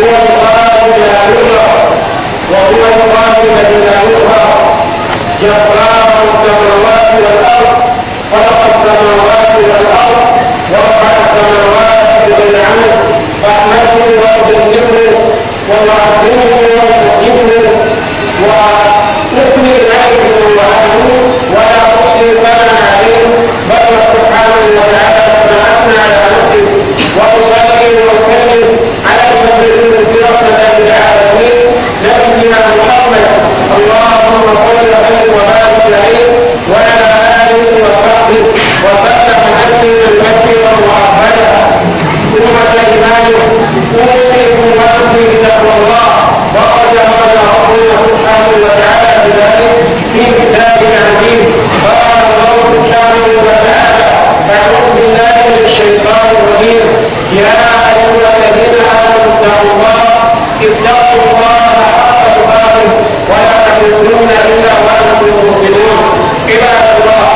هو القادر دلالها وهو القادر دلالها جبار السماوات والأرض خلق السماوات والأرض ورفع السماوات بالعمل فأحمده رب الجبر ويعظمه رب الجبر وأثني عليه وعلمه ولا أحصي ثمن عليه بل سبحانه وتعالى ما أثنى على نفسه وأصلي وأسلم الذي رحمة للعالمين نبينا محمد اللهم صل وسلم وبارك عليه وعلى آله وصحبه وسلم تسليما كثيرا وأبدا أمة الإيمان أوصيكم ونفسي بتقوى الله وقد أمرنا ربنا سبحانه وتعالى بذلك في كتاب عزيز قال الله سبحانه وتعالى أعوذ بالله من الشيطان الرجيم يا أيها الذين آمنوا اتقوا الله اتقوا الله حق تقاته ولا تموتن إلا وأنتم مسلمون عباد الله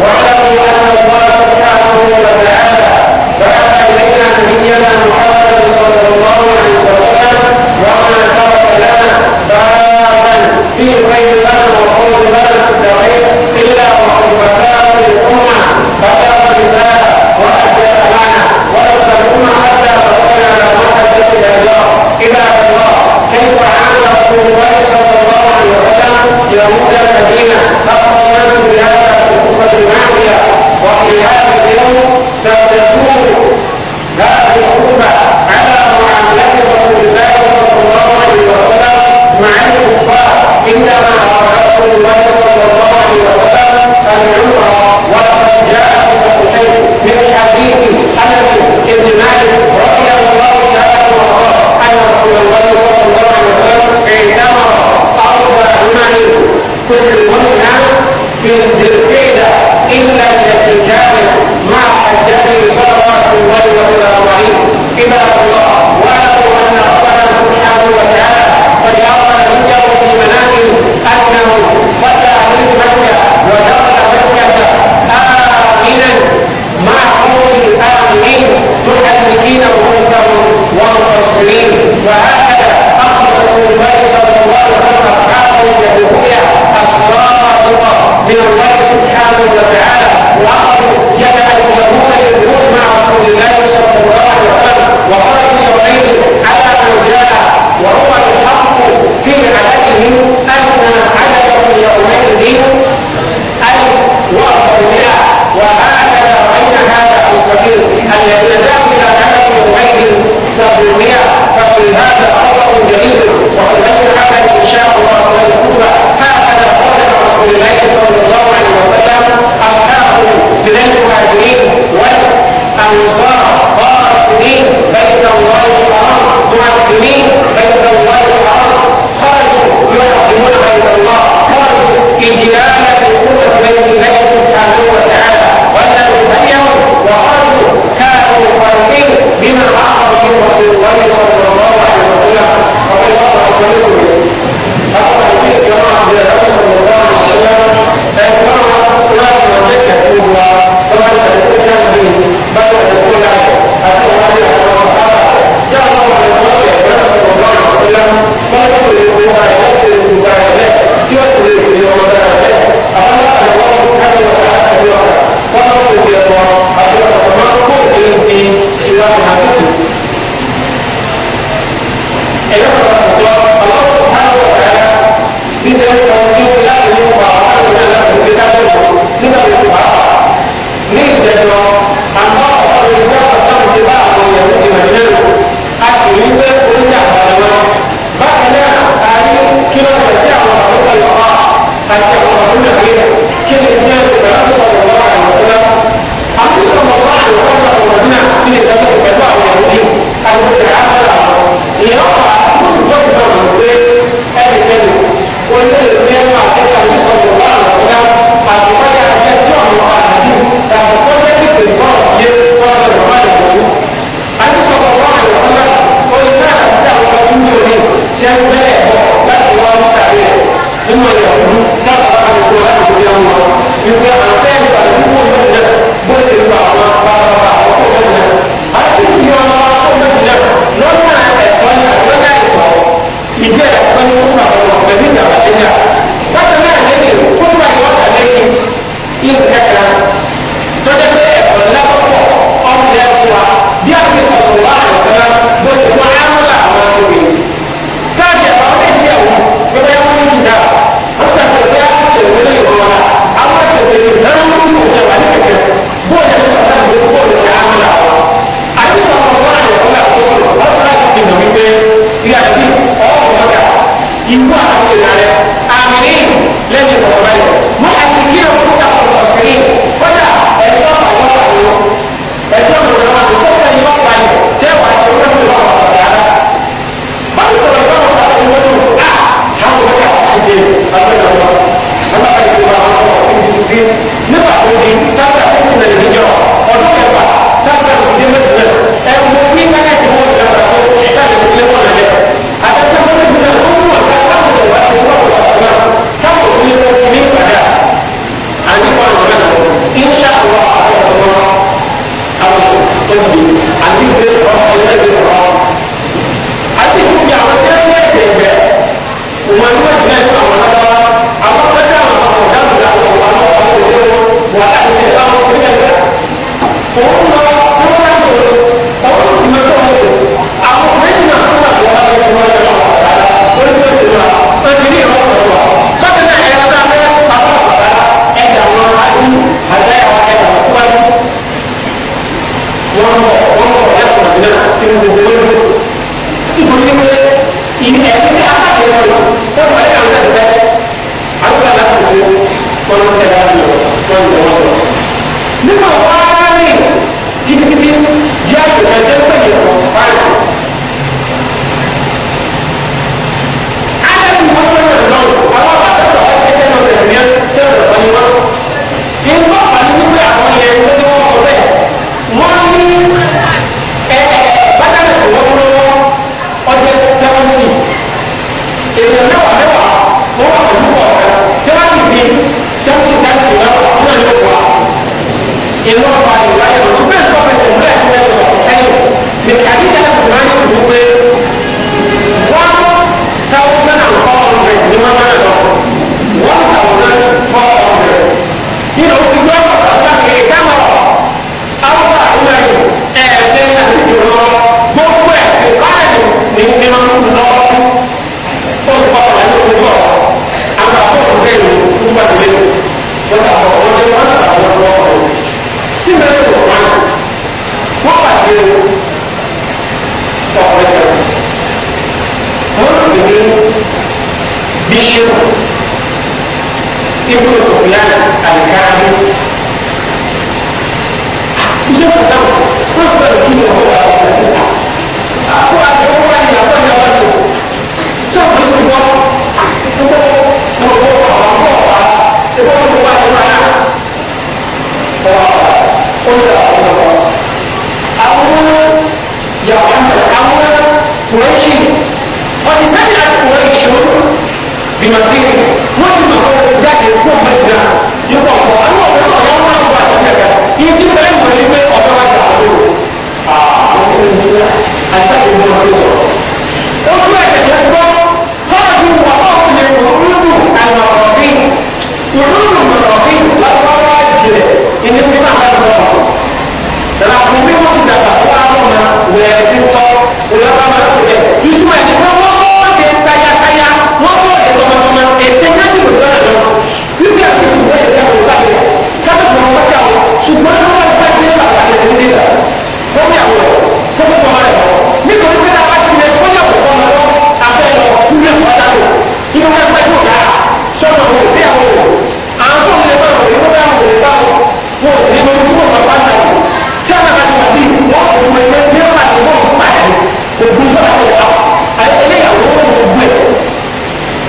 واعلموا أن الله سبحانه وتعالى بعث إلينا نبينا محمد صلى الله عليه وسلم وما ترك لنا بابا فيه خير لنا وخير لنا الدعيء إلا وخير لنا الأمة إلى الله عباد الله كيف عاد رسول الله صلى الله عليه وسلم يهود المدينة أخبر من بهذا في الأمة وفي هذا اليوم ستدور هذه الأمة على معاملة رسول الله صلى الله عليه وسلم مع الكفار إنما أراد رسول الله صلى الله عليه وسلم العمرة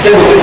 但你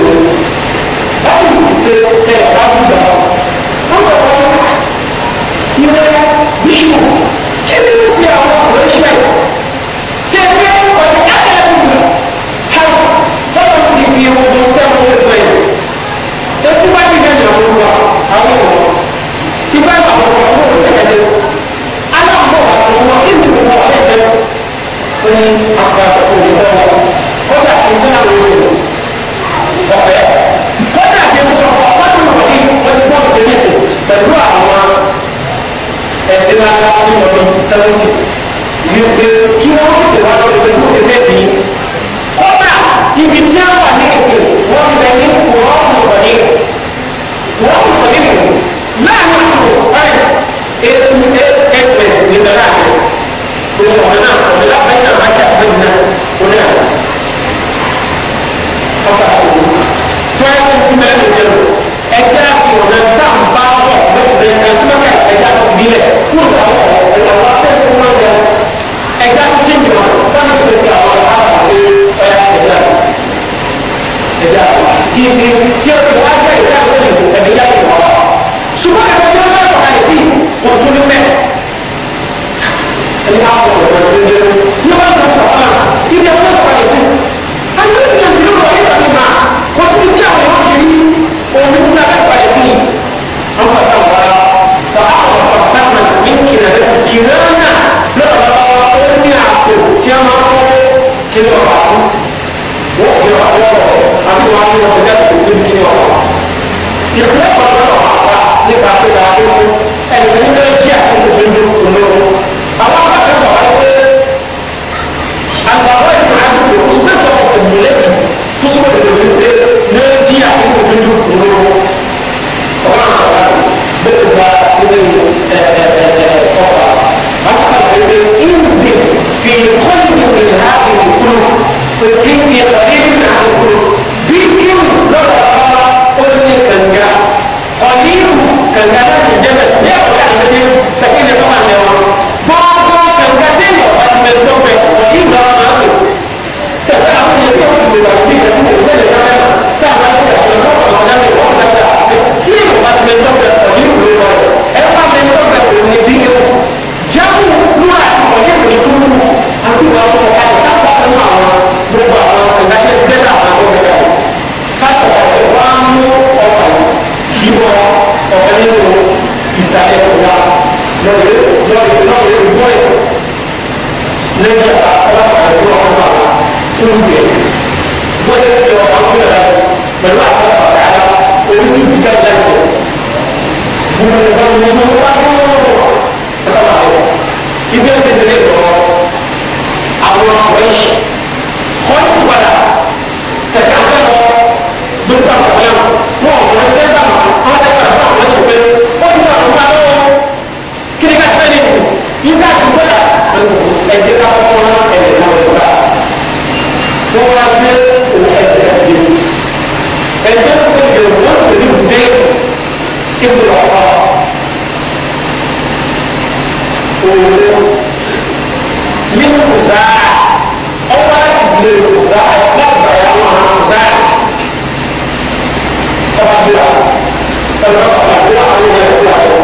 ẹ̀rọ sọ̀rọ̀ àbúrò àwọn ẹ̀rọ ìwà ẹ̀rọ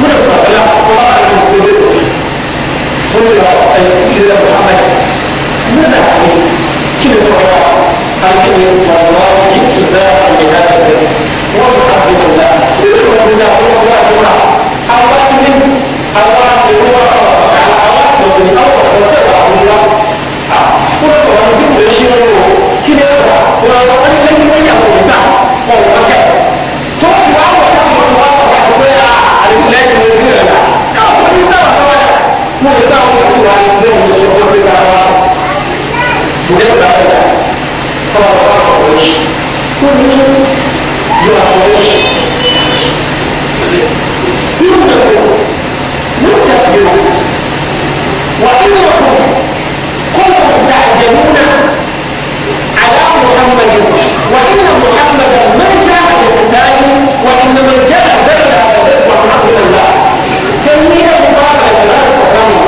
múlò sọ̀sẹ̀lá ọba àwọn ọmọ tó lé òsì ó lè wà ẹ̀yẹ kúlẹ̀ rẹ̀ Muhammad múlò àmì kí lè wà wà àgbẹ̀yẹ wàlúwà jí tó sẹ́ àmì náà rẹ̀ wọ́n fi àbí tó náà nínú ìwà ìwà àwọn ọmọ ìwà àwọn sinmi àwọn aṣèwọ́ àwọn aṣèwọ́sẹ̀ àwọn ọ̀dọ́ ìwà àwọn ìwà kí ni ẹ ما يمكنه سقوط الأهواء بجد هذا قال قريش كل يا قريش يملكون يكتسبون وإنكم كنتم تعجبون على محمد وإن محمدا ما جاء لقتال وإنما جاء زرع تتبع أمر الله فإني أبو بكر لا تستطيع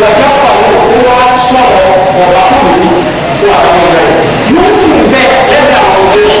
wọ́jà pa wọn kó wá sọ̀rọ̀ ọ̀rọ̀ àkókò sí wọn àtàwọn ọ̀rẹ́ yóò sì bẹ́ẹ̀ lẹ́gbẹ̀ẹ́ àwọn ọ̀rẹ́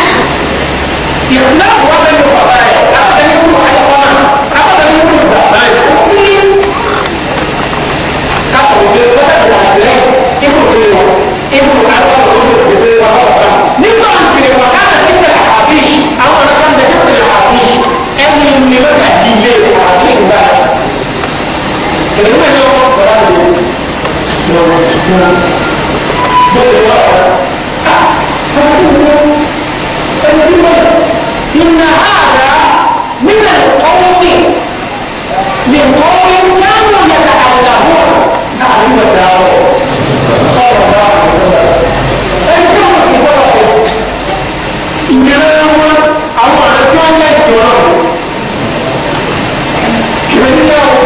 ìyàtì ìyàtì náà kò wá fẹ́ mi wà báyìí akọ̀tà ní wúlò àyọ̀kọ́ náà akọ̀tà ní wúlò sà báyìí ó ní kásọ̀ òde lọ́sẹ̀ tó wà lẹ́sẹ̀ ibùdó òde lọ ibùdó àyọ̀kọ́ tó lọ́sẹ̀ òde lọ́sẹ̀ wà lọ́sẹ̀ náà nígbà òsèré wà káàkiri sí ilẹ̀ àbíṣ àwọn ọ̀nà kan bẹ̀ tó pèlè àbíṣ ẹni ní lọ́kà jí ilé ojúmọ́ ìnà àdá nígbà ọ̀wọ́pẹ̀ lè wọ́n láwọn yàtà àdàbọ̀ náà ń gbàdá ọ̀ sọ̀rọ̀ bá ọ̀ sọ̀rọ̀ ẹni tí wọ́n ti gbọ́dọ̀ kọ́ ìgbéra wọn àwọn àti wọn yẹ ìgbéra wọn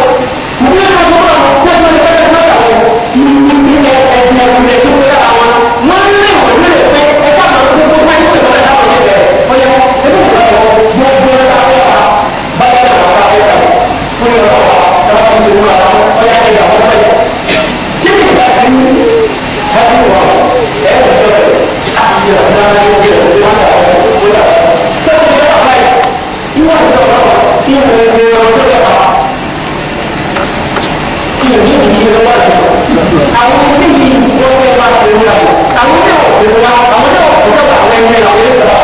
ông chủ là tôi đang đi đầu thôi chính vì ta thấy thấy của để mình cho sự áp dụng cho chúng ta đang đi đầu với bắt đầu với đầu trong sự đó này nhưng mà đầu đó khi mà người người đầu rất là họ khi mà những gì đó là ông cái gì cũng quên qua sự đầu ông đâu cũng qua ông đâu cũng các bạn quen hay là quen rồi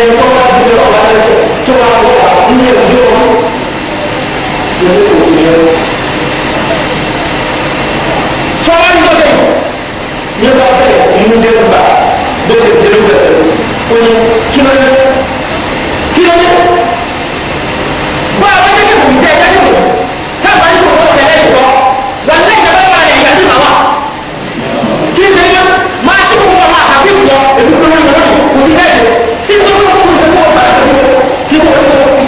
ẹni tó bá dúró ọ̀gá rẹ̀ tó bá sọ wà nílé ìjọ wọn lórí kò sí ẹ̀rọ. sọ́wọ́n ní bọ́sẹ̀ yìí ní bá bẹ̀rẹ̀ sí ní dẹ́rù bá bó ṣe dẹ́rù bẹ̀sẹ̀ ó ní kí ló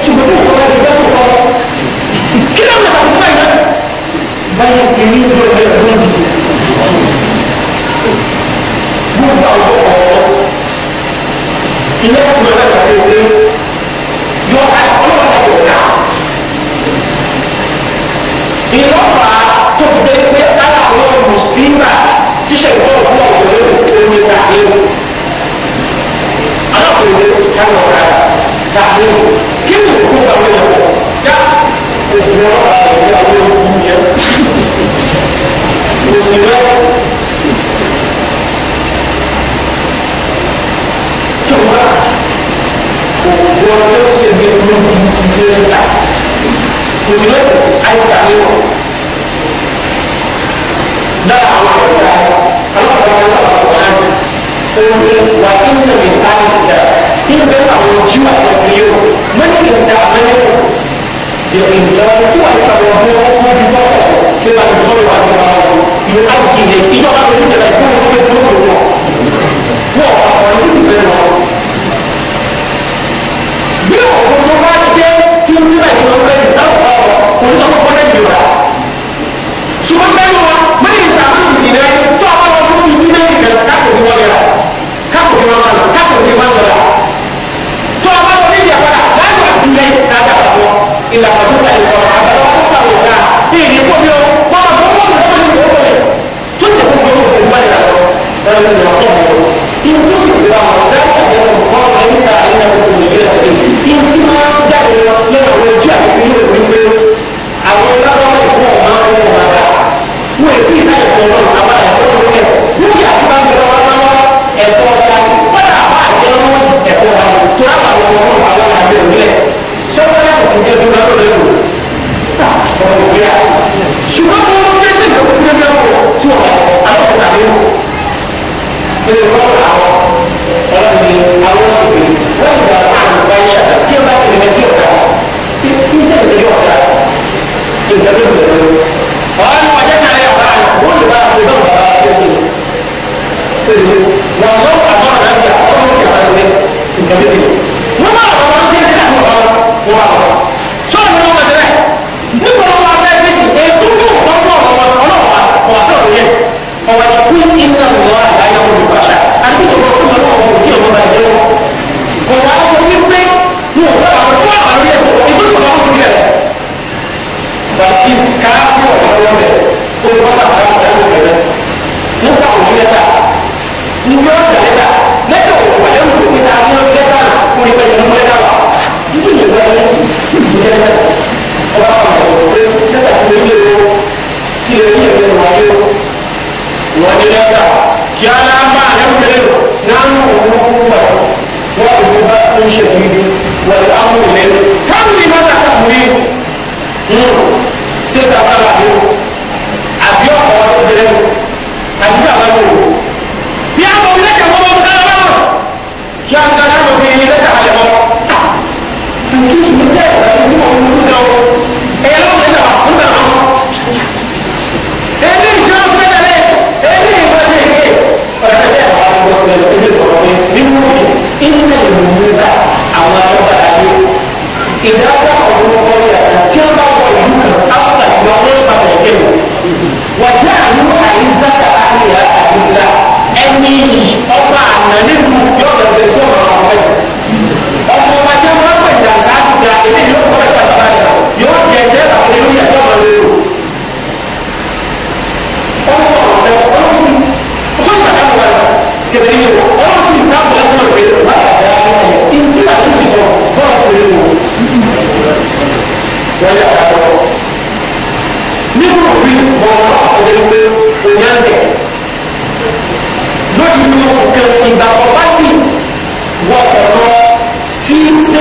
ṣùgbọ́n kí wọ́n lè bẹ́ẹ̀ fọ́ kí ló ń lọ sàkóso báyìí náà báyìí sì ní ìlú ẹgbẹ́ tó ń dìsí gbogbo àwọn ọ̀rọ̀ ilé tí wọ́n lọ́ọ́ kàfé pé yọ sáyà ọlọ́wọ́ sáyà ọ̀gá ìlọ́fà tó dé pé aláwọ̀ mùsíbà tíṣẹ̀ ìtọ́jú ọ̀gbọ̀n lórí omi tàbí alákòóso káwọn ọ̀gá tàbí.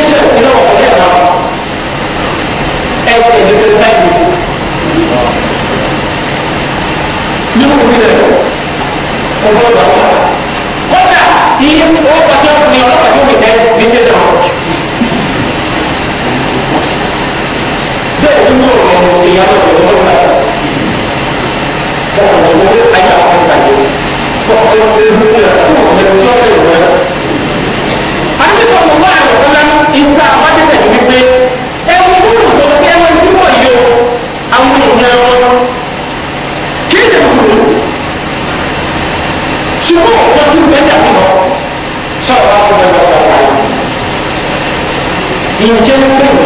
ẹsẹ̀ òkú náà wọ̀ n o ẹ̀ka ẹsẹ̀ ní twenty five y e a r o nínú òbí rẹ̀ kò g b u ́ d ọ ̀ àwọn ọ̀la k ọ u d à iye owó p a ṣ ẹ ọkùnrin a ọlọ́pàá tí ó pèsè ẹtì ní station ọ̀hún. bẹ́ẹ̀ ni mo rọ̀ ọ́ e y á náà lọ́wọ́ lọ́wọ́ n á e bọ́ọ̀ ṣùgbọ́n ayé àwọn ti bàjẹ́ b e ́ ọ ̀ ọ̀rọ̀ ẹ̀rọ ìgbìyànjú tó f u n mi tí e b o ̀ r ẹ ̀ ṣùgbọ́n ọ̀pọ̀ tí ń bẹ́ẹ̀ dàbí sọ sọ̀rọ̀ wá fún ọjọ́ sọ̀rọ̀ wá yìí ìjẹ́ ń pè ní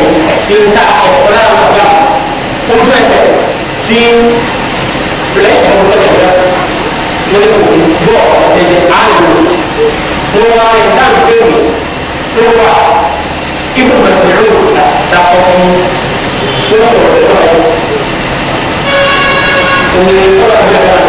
ìta ọ̀pọ̀ lára sọ̀rọ̀ ojú ẹsẹ̀ tí lẹ́sẹ̀ ń lọ́sẹ̀ rẹ̀ lórí òkú bọ́ ọ̀sẹ̀ ní àlùkò mo wá ìta ìbéèrè tó wà ibùdó sẹ̀rẹ̀ òkúta dàpọ̀ fún mi lọ́wọ́ ọ̀rẹ́ lọ́wọ́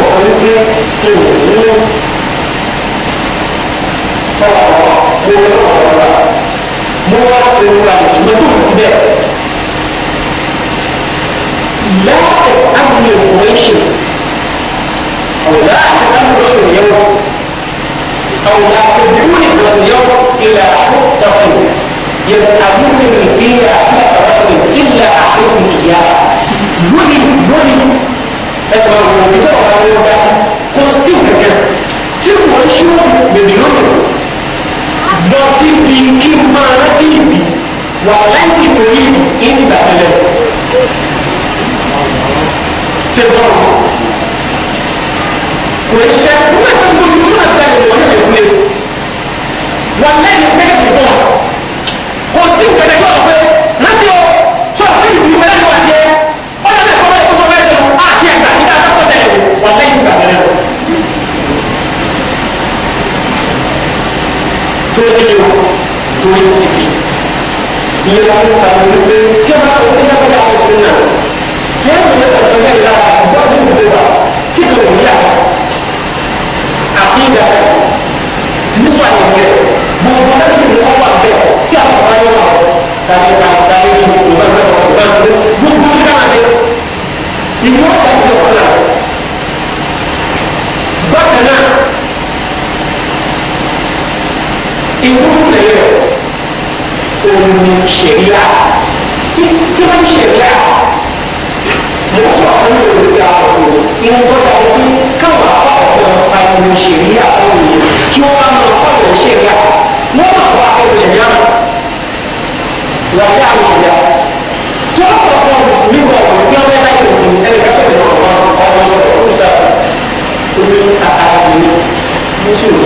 sọ̀rọ̀ wípé kí n ní sọ̀rọ̀ àwọn mo lọ́wọ́ ọ̀rọ̀ mo wá ṣe ra ìṣúná tó ti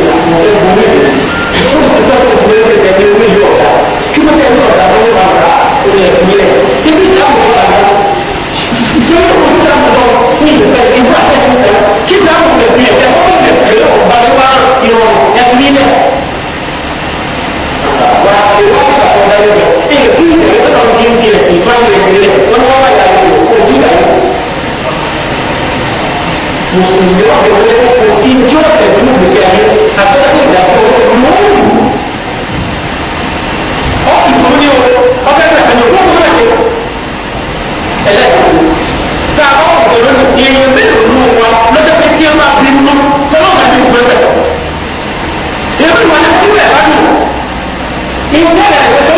ẹ̀gbọ́n mi rẹ̀ ó sì gbà tó ti lérò pé ẹ̀mí omi yóò dá kí ló tẹ̀lé ọ̀dà tó ń bá ọ̀dà ó ní ẹ̀fún mílẹ̀ ṣé kí islam kọ́ ọ̀dà sá ṣé ó kọ́ islam sọ ní ìgbà ìlú àtẹ̀tẹ̀ sá kí islam kọ́ ẹ̀fún yẹn ẹ̀fọ́ mi lè pè é ọ̀gbà nípa ìrọ̀ mùsùlùmí wà pé pé kò sí tí ó ṣẹlẹ̀ sínú gbèsè ayé àfẹ́tàkùn ìdájọ́ lóòrùn ọ ìfún ní o ọfẹ́ pẹ̀sẹ̀ ní o kó kó pẹ̀sẹ̀ ẹlẹ́kùn tá a bá wọ̀ lónìí ìrìn mélòó nù wa lọ́jọ́ pé tí ẹ máa bí nù tọ́lọ́ máa bí fún ẹ pẹ̀sẹ̀ ìrìn wọn ti bẹ̀rẹ̀ bá nù ìgbẹ́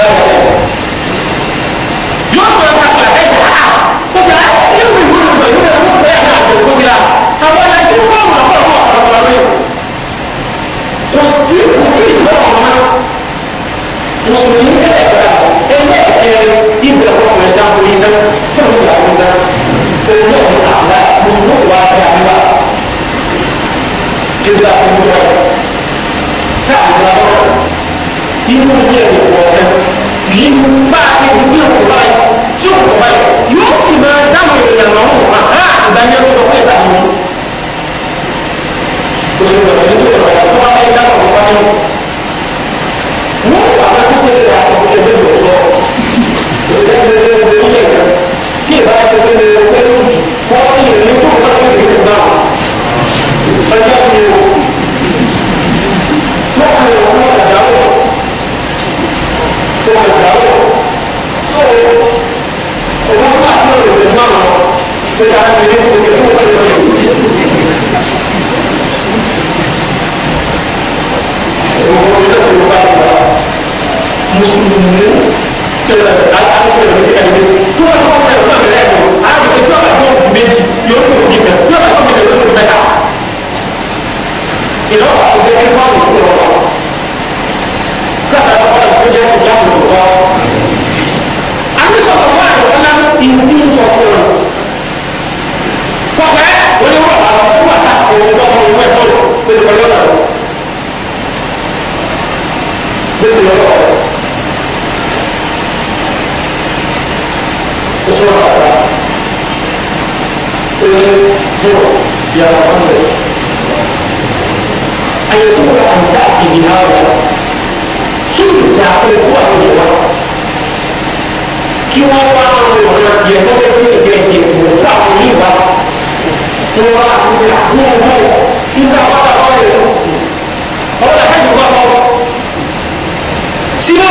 rẹ o yóò tó ẹ kakọ ẹ kọ a kó sẹ ẹ yóò wí wúlò lọ yóò wúlò lọ yà náà tó kó sẹ la àwọn ẹ ti fún ọmọ ọmọ ọmọ ọmọ ọmọ yẹn kò sí kò sí ìṣẹ̀lẹ̀ ọmọ náà mùsùlùmí ẹ ẹ kọ ẹ ẹ ẹ ibẹ ọmọ ọmọ ẹja kò yí sẹ fún ọmọ ọmọ ọmọ sẹ òun náà ní àlá mùsùlùmí wà á bẹ àríwá kí ti bá fún ọmọ ọmọ táà ní ọmọ ọmọ inú ilé ẹ yìí bá a ṣe ní bí òkú báyìí tí òkú báyìí yóò sì máa dáhùn èèyàn lọ́wọ́ àhá ìdájọ́ ló sọ pé ìsàkóso. òṣèlú ọ̀rọ̀ yìí tó lè wáyà tó wáyà ìdá sọ̀rọ̀ wáyà lọ. wọ́n wà á fi ṣe ìrìn àtọ̀ ẹgbẹ́ ìwọ̀sọ̀ ìjẹ́ ìgbésẹ̀ ìgbésẹ̀ ìgbésẹ̀ tí ì musulmi alasẹlẹ ti ka ye tó bá tó bá tó bá yẹrẹ يا محمد أيسر أن تأتي بهذا شو سيتعقل قوة الجواب kí wọ́n bá àwọn ìwọ̀n àti ẹ̀kọ́ bẹ́ẹ̀ tí ìgbẹ́ ti kò fún àwọn yìí wá kó wá àwọn àbúrò wọ̀ nígbà wọn bá wọn rẹ̀ lọ. ọ̀rọ̀ làkàjù wá sọ. sílẹ̀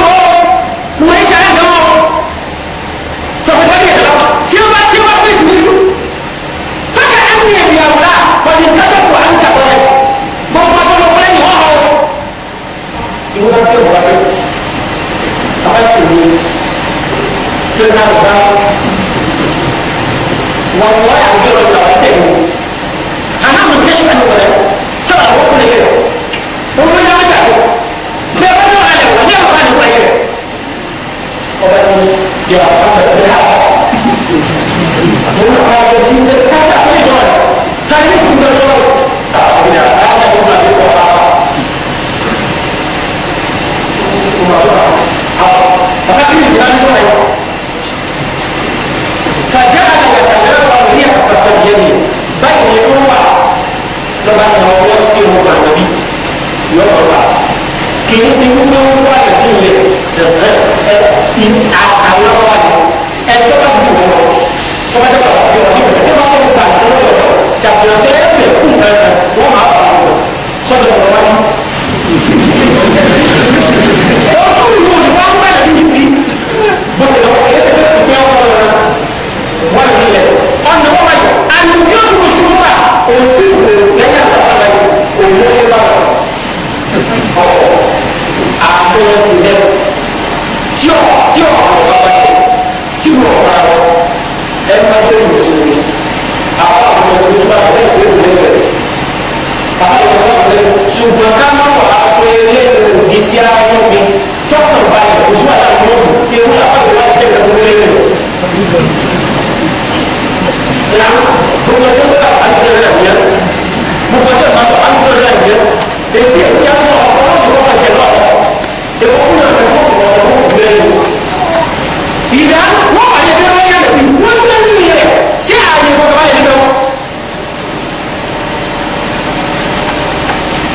ìdá wọ́n wà ní ẹgbẹ́ wáyé àlẹ́ bí tún lẹ́nu yẹn sí ààyè kọ̀ọ̀kan báyìí níbẹ̀ wọ́n.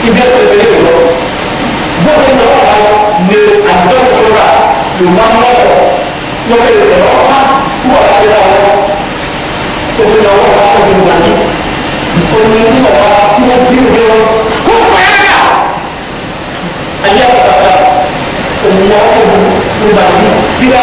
ibi ẹ̀ tẹ̀sí ní kìlọ̀ bọ́ọ̀ sí ìnáwó àbáyọ ní àdúgbò ìṣọ́ra yorùbá ń lọ́wọ́ wọ́n bẹ̀rẹ̀ ìrẹ̀lẹ̀ wọ́n pa wọ́n wà láyé wọn òfin náà wọ́n wá òfin wà ní òfin ní ọ̀pá tí wọ́n bí òfin wọn kó fàyàrà ayé àwọn sàṣà òmùwà òmùwà ìbàdí bíbá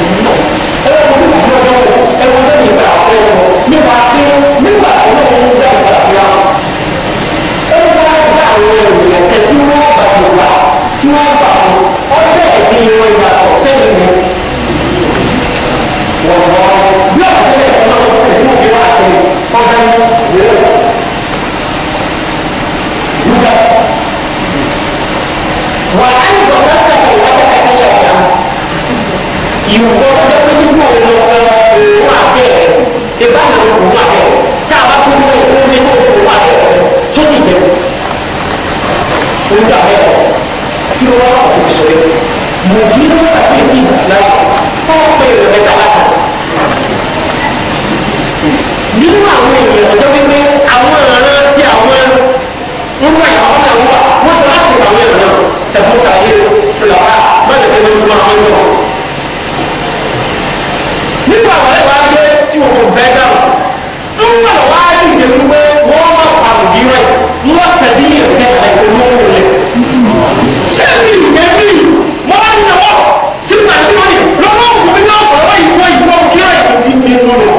tí wọ́n gbà fún ọbẹ̀ ẹ̀mí wọn ìyàtọ̀ sẹ́yìn wọn. wọ́n lọ bí ọ̀sẹ̀ lè fún ọmọ ọ̀sẹ̀ tí wọ́n fi wá ní ìwé wọn. Júdà wà á ní bọ̀sán kẹsàn-án wọ́n tẹ̀ka ní ìyàwó náà. Ìwọ ọjọ́ pípọ̀ lọ fẹ́ wọ́n àbẹ̀ rẹ̀ ìbáraẹ̀wò wọ́n àbẹ̀ rẹ̀ tá a ní ìwé tó ń bẹ rẹ̀ tó ti lọ́wọ́ àwọn ìṣẹ̀lẹ̀ mo kí ló bá ti ti ìdíláyà fọwọ́ pé ìrẹ̀ mẹ́ta láta. nínú àwọn èèyàn tó wípé àwọn ọ̀ràn tí àwọn nígbà ìyàwó náà wà wọ́n tó láti àwọn èèyàn náà sàlẹ̀ lọ́ra bẹ́ẹ̀ tẹ̀lé tí wọ́n máa ń lọ. nígbà wọ́n lè gbé tí wọ́n kò fẹ́ dà nígbà wọ́n á rí ìdè wípé wọ́n máa pàrọ̀ bí rẹ̀ wọ́n sẹ̀dí ìrẹ̀ sẹ́mi ẹ̀mí wọ́n ń lọ sí pàtó yìí lọ́wọ́ òkùnrin náà fọwọ́ ìwọ ìwọ kíra ìwọ ti gbé mọ́ lọ.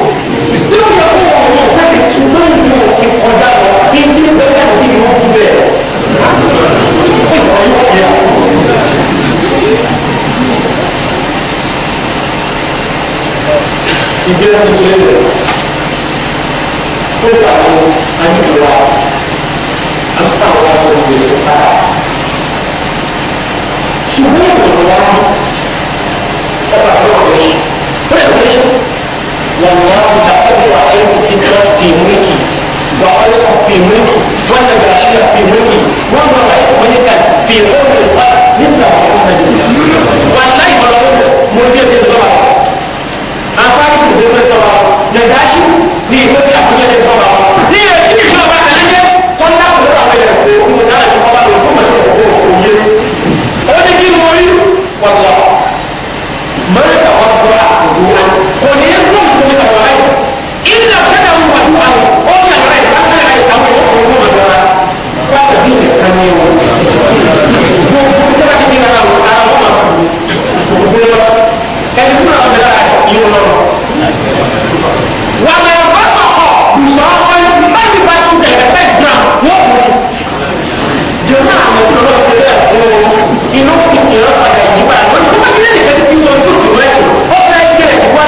yóò yẹ kó wọn wọn fẹ́ lè ṣùgbọ́n ìwọ ti kọjá lọ ní ti sẹ́yà ní ìwọ ju bẹ́ẹ̀. ìgbéra ti ṣe é lẹ̀ kó dà wọ́n ayé ìwà àti sáwọn aṣọ ìgbésẹ̀ káà. شهور الغلام تفعلوا قريش كل قريش والله لقد رأيت كسرى في ملكي وعيسى في ملكي والنجاشية في ملكي وما رأيت ملكا في قوم الأرض مثل محمد والله ما رأيت ملكي في الزمان أفارس في الزمان نجاشي لإثيوبيا في الزمان wàlọ́ máa ta wà fún àkókò wa kò ní yẹ kó kó mi sàkóra yìí ìdí náà fẹ́ dàrú wà fún àwọn ó ń yàrá yìí bá ń yàrá yìí àwọn ìwọ̀n kò tó ma dọ́ra wà á bí yẹn kan ní wọn. gbogbo tí wọ́n ti ní ara wọn ara wọn máa tún gbogbo lọ ẹni fún àwọn ọ̀dọ́ yìí lọ. wà á lọ bá sọ̀kọ̀ bùsọ̀ ọ̀pọ̀ ẹni bá tún ẹ̀rẹ́ bẹ́ẹ̀ gbà wọ́n kù. jọ̀ọ́ náà àwọn ọ̀dọ́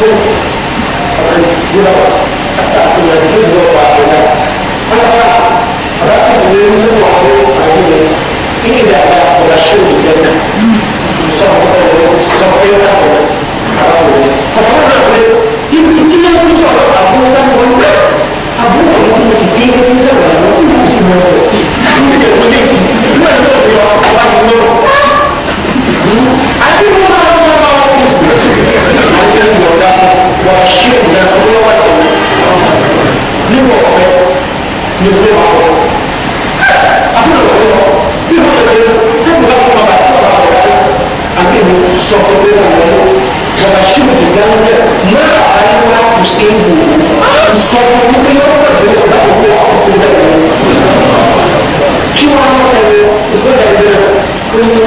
tó ọ̀rẹ́ ìdílé wa àti àfihàn tó ti wọ́pọ̀ àfihàn. wọ́n sá arákùnrin ní sọ́wọ́ àwọn àwọn yẹn kí ni dàda ọ̀rẹ́ ṣé òun yẹn náà sọ̀rọ̀ ọ̀rẹ́ sọ̀rọ̀ yẹn ọ̀pọ̀ náà pé ibi tí yẹn ti sọ̀rọ̀ àbúrò sábà wọn àbúrò ọ̀dà wà ṣé ọ̀dà tí wọ́n wà lọ́wọ́ nígbà ọ̀fẹ́ ni fún wa wọ́n. àbúrò ọ̀fẹ́ lọ bí wọ́n lè fẹ́ fún mi láti máa bá tó ọ̀dà ọ̀dà rẹ̀ àbí mi sọ fún mi lọ́wọ́ wọ́n wà ṣé ọ̀dà ìdáná rẹ̀ náà àyè wá tó ṣe é wò sọ fún mi pé yọ́n bẹ̀rẹ̀ lè fún mi láti kó bẹ̀rẹ̀ kí wọ́n á lọ́wọ́ ìfọ̀dà ìdáná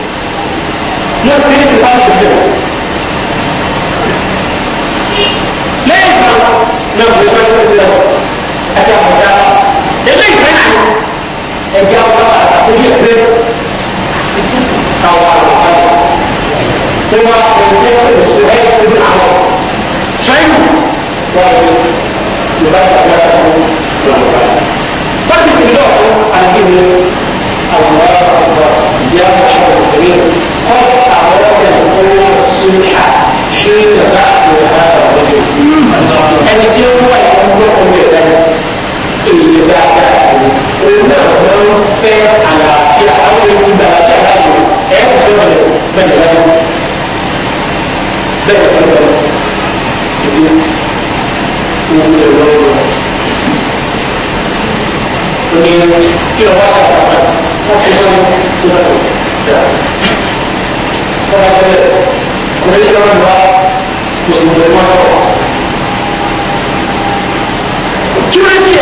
náà kò sọ ẹgbẹ́ tó lọ àti àwọn ọ̀dà sọ eléyìí fẹ́ àná ẹgbẹ́ àwọn àkókò ẹgbẹ́ káwọn àwọn sọ ẹ wọn àtẹnudẹ pẹ̀lú sọ ẹ pẹ̀lú àwọn china wọn lọ sí yorùbá ìgbàgbọ́ àtàwọn yorùbá wọn ti sìn lọ àgbẹ̀wò àwọn ọ̀dọ́ ìyá àṣà òṣèré قد أراد الله الصلح حين بعث هذا الرجل ẹni tí ó wà ní ọgbọ́n ọmọ ẹ̀ lẹ́nu èyí dáadáa sí i òun náà wọ́n ń fẹ́ àlàáfíà àwọn èyí ti gbàlàfíà láàyò ẹ̀ kò fẹ́ sọ̀rọ̀ bẹ́ẹ̀ lọ́wọ́ bẹ́ẹ̀ sọ̀rọ̀ ṣèlú òun lè lọ́wọ́ òní kí lọ́wọ́ sàkóso wọ́n fi lọ́wọ́ tó bá lọ dáa wọ́n bá tẹ́lẹ̀ kò ní ṣe lọ́wọ́ ní wa kò sì ń bẹ̀rẹ̀ wọ́n sọ̀rọ̀. túrẹ́tì ẹ̀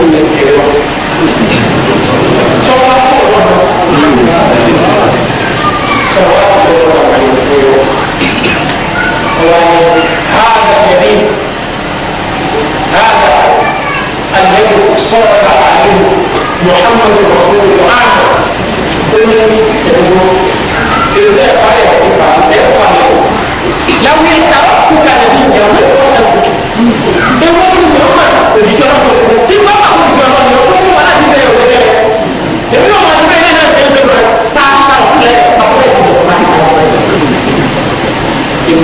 你给我，说话不好，说话不好，给我，我他的原因，他的 الذي صدق عليه محمد رسول الله قل إذا قال لو اعترفتك نبيا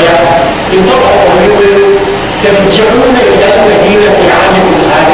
يطبق ويقول ترجعون إلى المدينة عامل هذا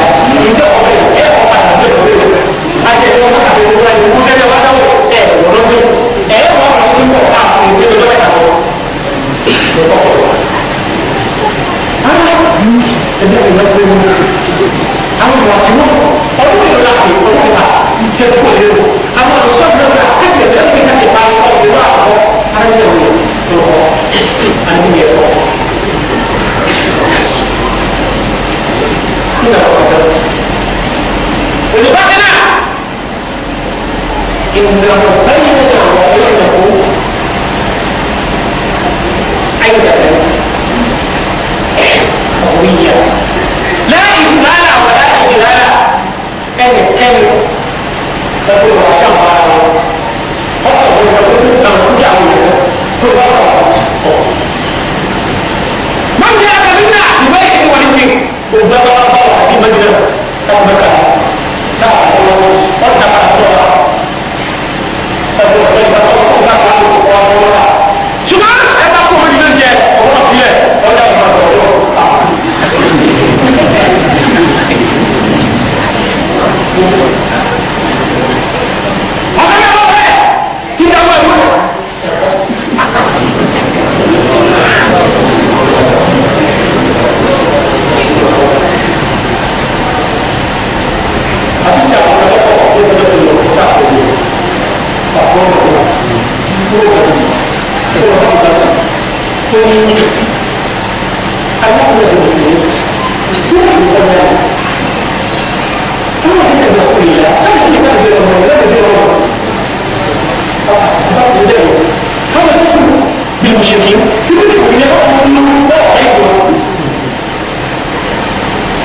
지금 동네가 없는 수가 없고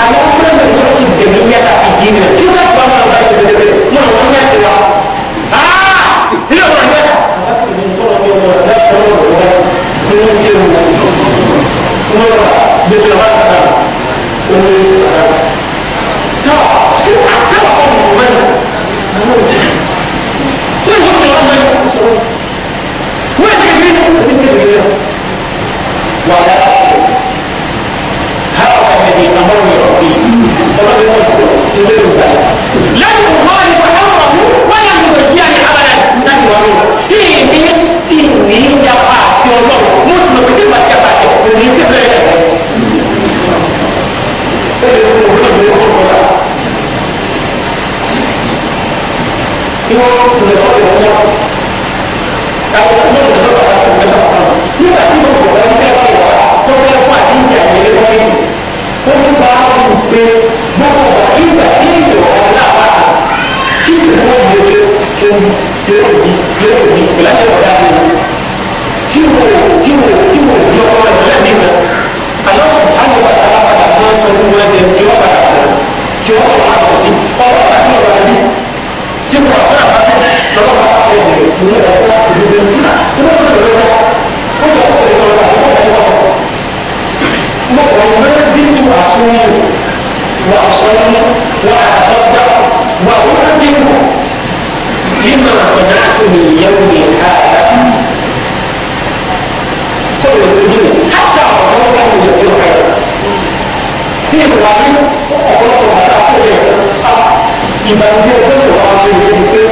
아마 그런 거지 대미야가 이기는 그가 방을 가지고 되게 뭐 뭔가 어요아 이거 뭔가 자, 지금 면 너무 ولا هذا الذي امر ربي ومن يموت لن يخالف امره ولن يبين ابدا لن يرون هي ميستني يا باسي الله مسلم كتير بس يا باسي تنين في بلاد Yo, lè wí ìlà ni tí wò tí wò tí wò di ọkọ rẹ̀ lẹ́yìn nínú alọ́sù alọ́pàá alápàá náà sọ fún wọn ẹni tí wọ́n padà bọ̀ tí wọ́n kọ̀ láti sí ọwọ́ àti ọ̀rọ̀ ẹbí tí wọ́n fún àbájá lọ́wọ́ bá wà lẹ́yìn nínú ọ̀pọ̀ ìdílé fúnà nínú ọ̀pọ̀ ìdílé fúnà ó sọ fún ìdílé fúnà ó sọ mo wọ̀ mẹ́rin sí ju àṣọ yìí wà àṣọ yìí wà àṣọ gbà wà ó 领导干部要讲政治，要不离开。为了推进“三改一拆”，必须把“三改一拆”作为当前一切工作的中心。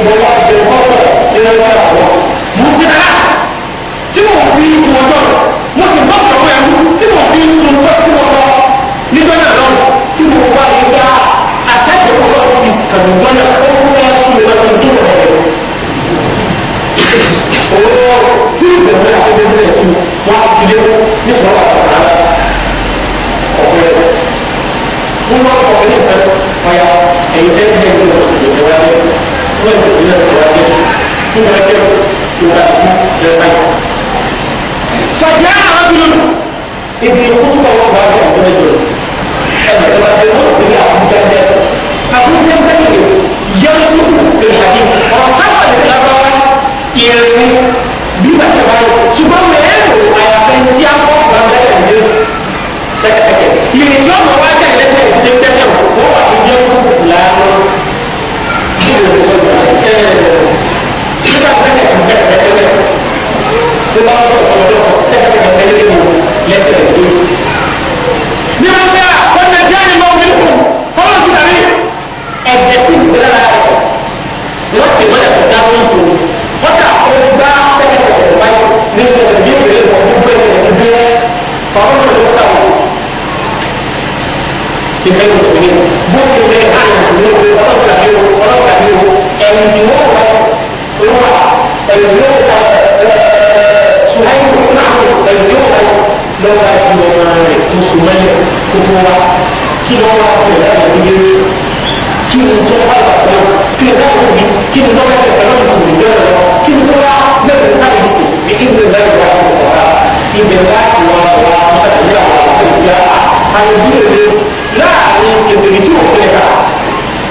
láàrin kẹfìrí tí òun fẹ́ bá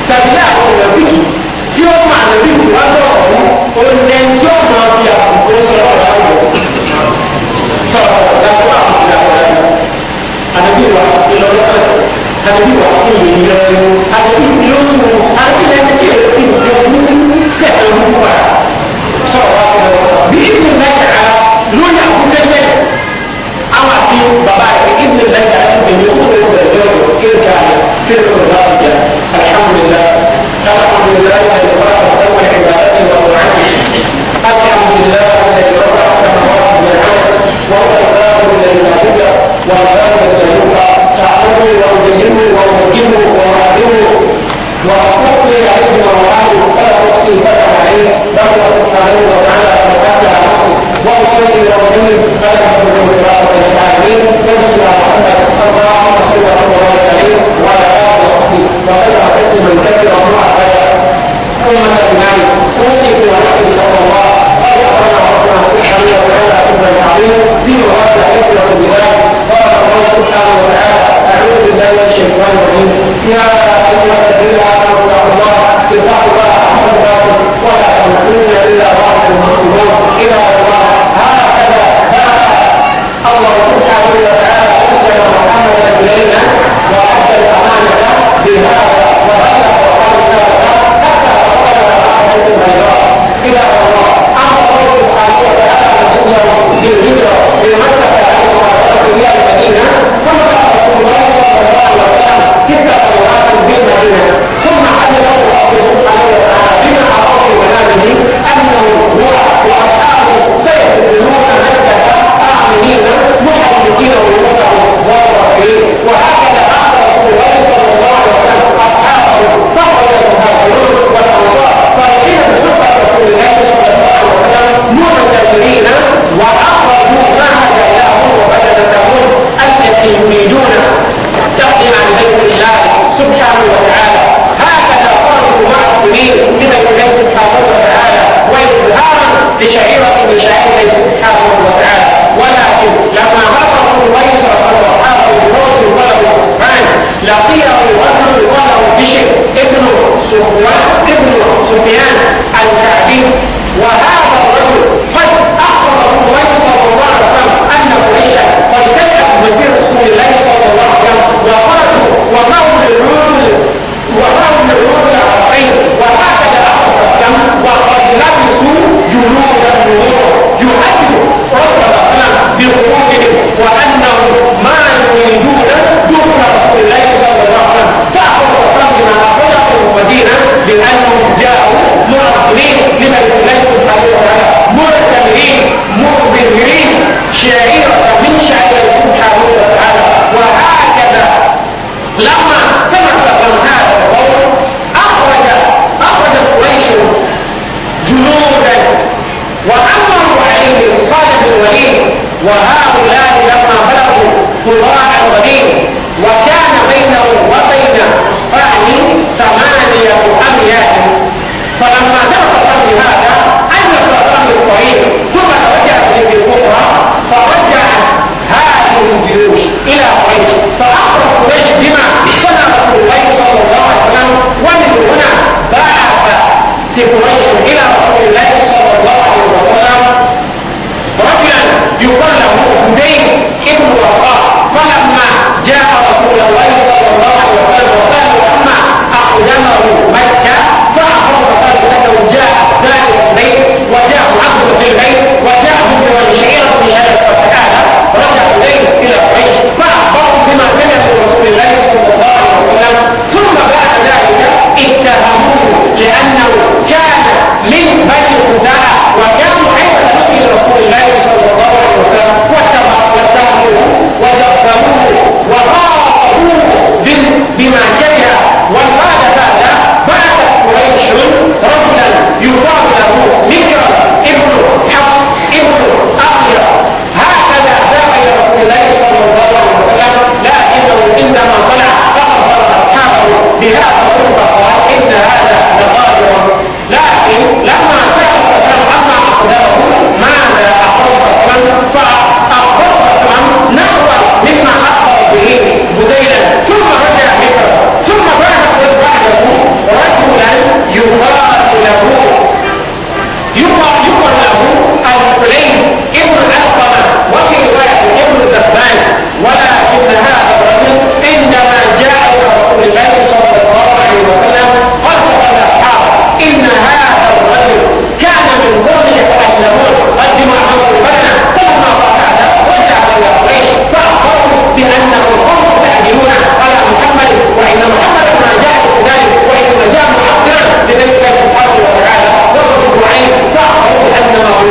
tàbí láàrin ìrọ̀bìkì tí ó mà lórí ìtura lọ́wọ́ fún oúnjẹ tí ó máa fi àbùkù sọ̀rọ̀ láwùjọ sọ̀rọ̀ láti wá àkùsùn láwùjọ àdàbí wa ìlọ́lọ́kàn àdàbí wa ìyẹ̀yẹ̀ àdàbí ìlọ́sùn àdàbí lẹ́ni tí èrè fi ìyẹ̀wù sẹ̀sẹ̀ ń wúwa sọ̀rọ̀ láwùjọ bí ibi mẹ́ta lóyè àkútẹ́gbẹ́ àwọn àti bàbá rẹ̀ ibi mẹ́ta ẹ̀ تلك تلك ذلك الحمد لله الحمد لله الذي خلق الخلق عبادته وطاعته الحمد لله الذي رفع السماوات بالعلم وهو الباب الذي لا بد والباب الذي يبقى تعلمني وأجلمني وأمكنني وأعلمني وأقوم عليه وأعلم فلا أحصي فلا أعلم له سبحانه وتعالى صلى على رسول وأصلي إلى رسول فأدخل بالقراءة التعليم محمد صلى الله عليه وسلم صلى الله عليه وعلى آله وصحبه وسلم تسليما كثيرا مع هذا ثم أجمعين أوصيك ونفسي بتقوى الله قال أخبرنا ربنا الصحة لي وتعالى حبا قال الله سبحانه وتعالى أعوذ بالله من الشيطان الرجيم يا أيها الذين آمنوا اتقوا الله اتقوا الله حق ولا تموتن إلا الله المسلمون إلى الله هكذا دعا الله سبحانه وتعالى أنزل محمدا إلينا وأدى الأمانة بهذا وهذا وقال سبحانه حتى أخذنا رحمة بيضاء إلى الله أمر الله سبحانه وتعالى بالهجرة من مكة إلى المدينة ومع رسول الله صلى الله عليه وسلم ست سنوات بالمدينة ثم علم الله سبحانه وتعالى بما عرفه من أنه قريش إلى رسول الله صلى الله عليه وسلم رجلا يقال له هدين ابن رقاع فلما جاء رسول الله صلى الله عليه وسلم وسأله عما أقدمه مكة فأخبر ذلك أنه جاء من بني خزاعة وكانوا عند مشي رسول الله صلى الله عليه وسلم واتبعوا واتهموه ودبروه وخاطبوه بما كره والله بعد بعثت قريش رجلا يقال له مكرم ابن حفص ابن أخيرا هكذا ذهب إلى رسول الله صلى الله عليه وسلم لكنه إنما طلع فأخبر أصحابه بهذا الرفق يقال له يقال يقال له البرنس ابن القمة وفي رواية ابن زبان ولكن هذا الرجل عندما جاء إلى رسول الله صلى الله عليه وسلم قصص الأصحاب إن هذا الرجل كان من ذرية الملك قد جمعهم كما